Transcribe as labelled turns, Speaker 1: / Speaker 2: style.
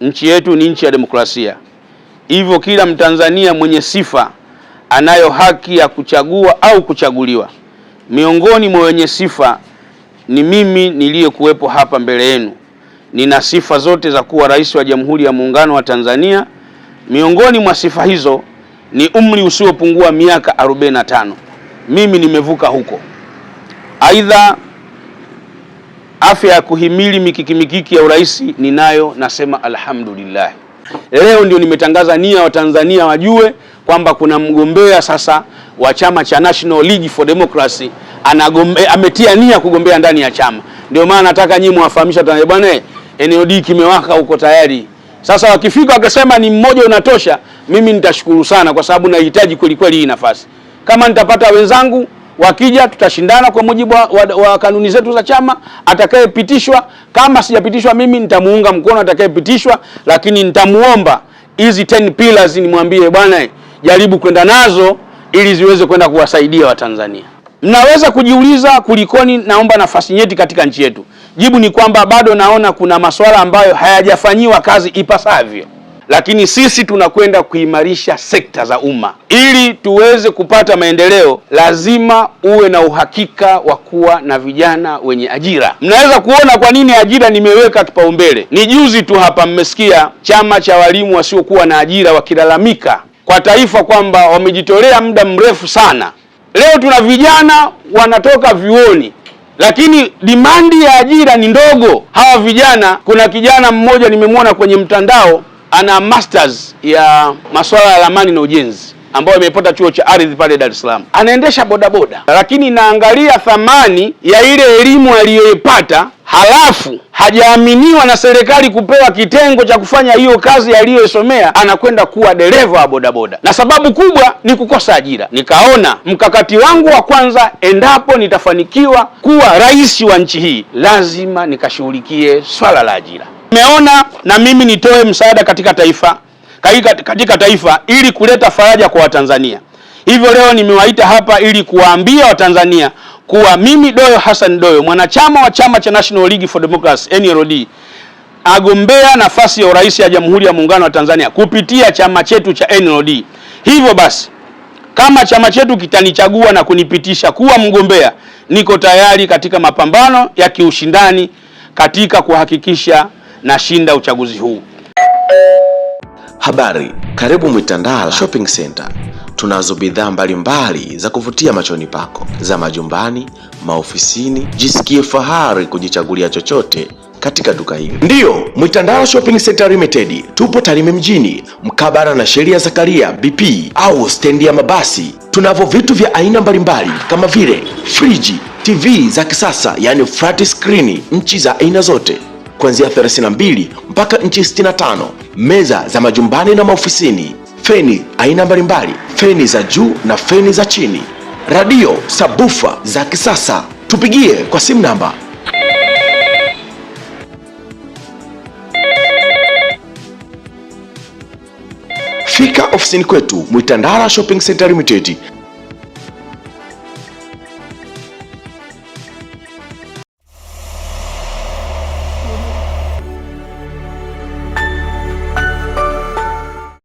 Speaker 1: Nchi yetu ni nchi ya demokrasia, hivyo kila Mtanzania mwenye sifa anayo haki ya kuchagua au kuchaguliwa. Miongoni mwa wenye sifa ni mimi niliyekuwepo hapa mbele yenu. Nina sifa zote za kuwa rais wa Jamhuri ya Muungano wa Tanzania. Miongoni mwa sifa hizo ni umri usiopungua miaka 45. Mimi nimevuka huko. Aidha, afya ya kuhimili mikiki mikiki ya urais ninayo, nasema alhamdulillah. Leo ndio nimetangaza nia Watanzania wajue kwamba kuna mgombea sasa wa chama cha National League for Democracy anagombe, ametia nia kugombea ndani ya chama. Ndio maana nataka nyinyi mwafahamisha Tanzania, bwana NLD kimewaka huko tayari. Sasa wakifika wakasema ni mmoja unatosha, mimi nitashukuru sana, kwa sababu nahitaji kweli kweli hii nafasi. Kama nitapata wenzangu wakija tutashindana kwa mujibu wa, wa, wa kanuni zetu za chama. Atakayepitishwa, kama sijapitishwa mimi nitamuunga mkono atakayepitishwa, lakini nitamuomba hizi 10 pillars nimwambie, bwana jaribu kwenda nazo ili ziweze kwenda kuwasaidia Watanzania. Mnaweza kujiuliza kulikoni naomba nafasi nyeti katika nchi yetu. Jibu ni kwamba bado naona kuna masuala ambayo hayajafanyiwa kazi ipasavyo lakini sisi tunakwenda kuimarisha sekta za umma. Ili tuweze kupata maendeleo, lazima uwe na uhakika wa kuwa na vijana wenye ajira. Mnaweza kuona kwa nini ajira nimeweka kipaumbele. Ni juzi tu hapa mmesikia chama cha walimu wasiokuwa na ajira wakilalamika kwa taifa kwamba wamejitolea muda mrefu sana. Leo tuna vijana wanatoka vyuoni lakini dimandi ya ajira ni ndogo. Hawa vijana, kuna kijana mmoja nimemwona kwenye mtandao ana masters ya masuala ya ramani na ujenzi ambayo amepata chuo cha ardhi pale Dar es Salaam. Anaendesha bodaboda, lakini naangalia thamani ya ile elimu aliyoipata, halafu hajaaminiwa na serikali kupewa kitengo cha kufanya hiyo kazi aliyoisomea, anakwenda kuwa dereva wa bodaboda, na sababu kubwa ni kukosa ajira. Nikaona mkakati wangu wa kwanza, endapo nitafanikiwa kuwa rais wa nchi hii, lazima nikashughulikie swala la ajira. Nimeona na mimi nitoe msaada katika taifa katika, katika taifa ili kuleta faraja kwa Watanzania. Hivyo leo nimewaita hapa ili kuwaambia Watanzania kuwa mimi Doyo Hassan Doyo mwanachama wa chama cha National League for Democracy NLD agombea nafasi ya urais ya Jamhuri ya Muungano wa Tanzania kupitia chama chetu cha NLD. Hivyo basi kama chama chetu kitanichagua na kunipitisha kuwa mgombea, niko tayari katika mapambano ya kiushindani katika kuhakikisha nashinda uchaguzi huu.
Speaker 2: Habari, karibu Mwitandala Shopping Center. Tunazo bidhaa mbalimbali za kuvutia machoni pako za majumbani, maofisini. Jisikie fahari kujichagulia chochote katika duka hili. Ndiyo, Mwitandala Shopping Center Limited, tupo Tarime mjini mkabara na sheria Zakaria BP au stendi ya mabasi. Tunavyo vitu vya aina mbalimbali kama vile friji, TV za kisasa, yani flat screen, nchi za aina zote kuanzia 32 mpaka nchi 65, meza za majumbani na maofisini, feni aina mbalimbali, feni za juu na feni za chini, radio, sabufa za kisasa. Tupigie kwa simu namba Fika ofisini kwetu Mwitandara Shopping Center Limited